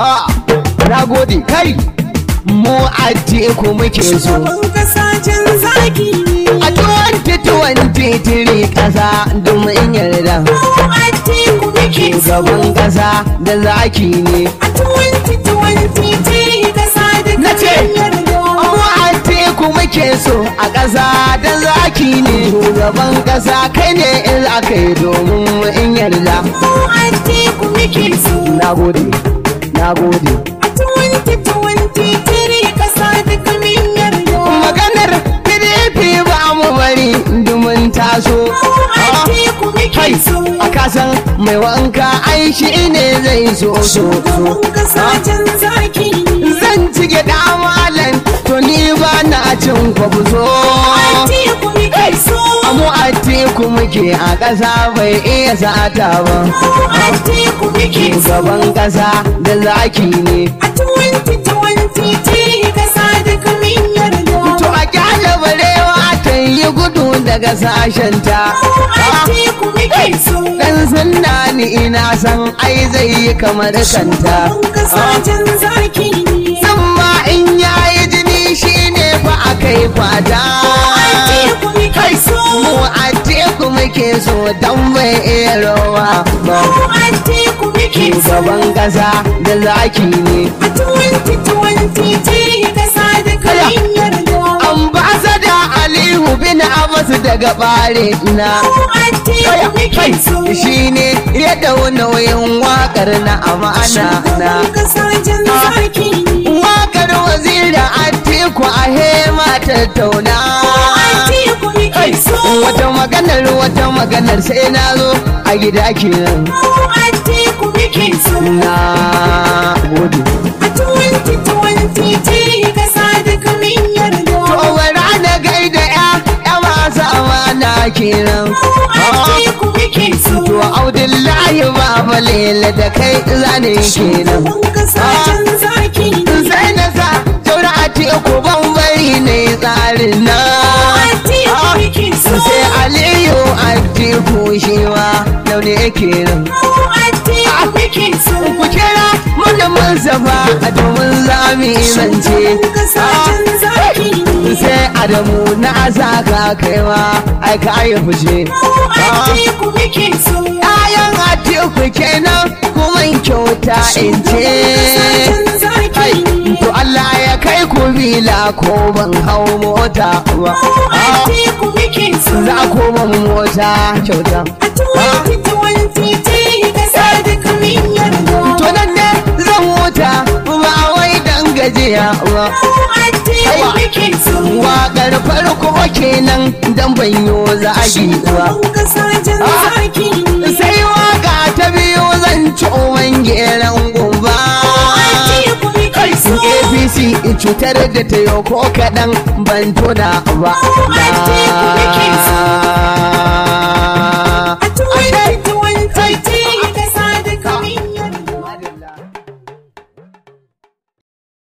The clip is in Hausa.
ha na gode kai mu ajiye ku muke so kasashen zaki a tuwanti tuwanti tiri kasa domin yarda mu ajiye ku so gaban kasa da zaki ne a tuwanti tuwanti tiri kasa da zaki yarda ku muke so a ƙasa da zaki ne shugaban ƙasa kai ne in aka yi domin in yarda. Mu an ku muke so. Na gode. na gode. A Maganar PDP ba mu bari dumin taso. Ah, a kasan mai wanka ai shi ne zai so so. Ah, zan cike damalan malam to ni ba na cin kwabzo. muke a ƙasa bai iya sata ba. Shugaban ƙasa da zaki ne. A tuwanti tuwanti ce ƙasa da kamin yarda. To a kyale barewa ta yi gudu daga sashen ta. sashenta. Ah, ɗan sanda ni ina san ai zai yi kamar kanta. Shugaban ƙasa ah. can zaki dan mai iya rawa ba shugaban kasa da zaki ne a 2020 ce kasa da kayan yarda ambasada alihu bin abbas daga bare na shi ne ya dau nauyin wakar na amana na Shugaban jan ah, zaki ne. wakar wazira atiku a hema tattauna maganar wata maganar sai na zo a gida kenan. Na gode. A 2023 kasa da kamin yarda. Kowara na gaida ya ya masu amana kenan. To Audullahi Baba lele da kai zane kenan. Sai na sa taurati ko ban bari ne tsarin nan. shi ma launi yake nan. Ku kira mana Mustapha a domin zami zance. Sai Adamu na azaka kai ma ai ka yi fushi. Ayan Atiku kenan kuma kyauta in ce. To Allah ya kai ku bila ko ban hau mota ba. kyauta kyauta to nan ne zan huta ba wai dan gajiya ba waƙar farko kenan dan ban za a yi ba ah, sai waƙa ta biyu zan ci uban geran gumba APC cutar da ta yau ko kaɗan ban tuna ba.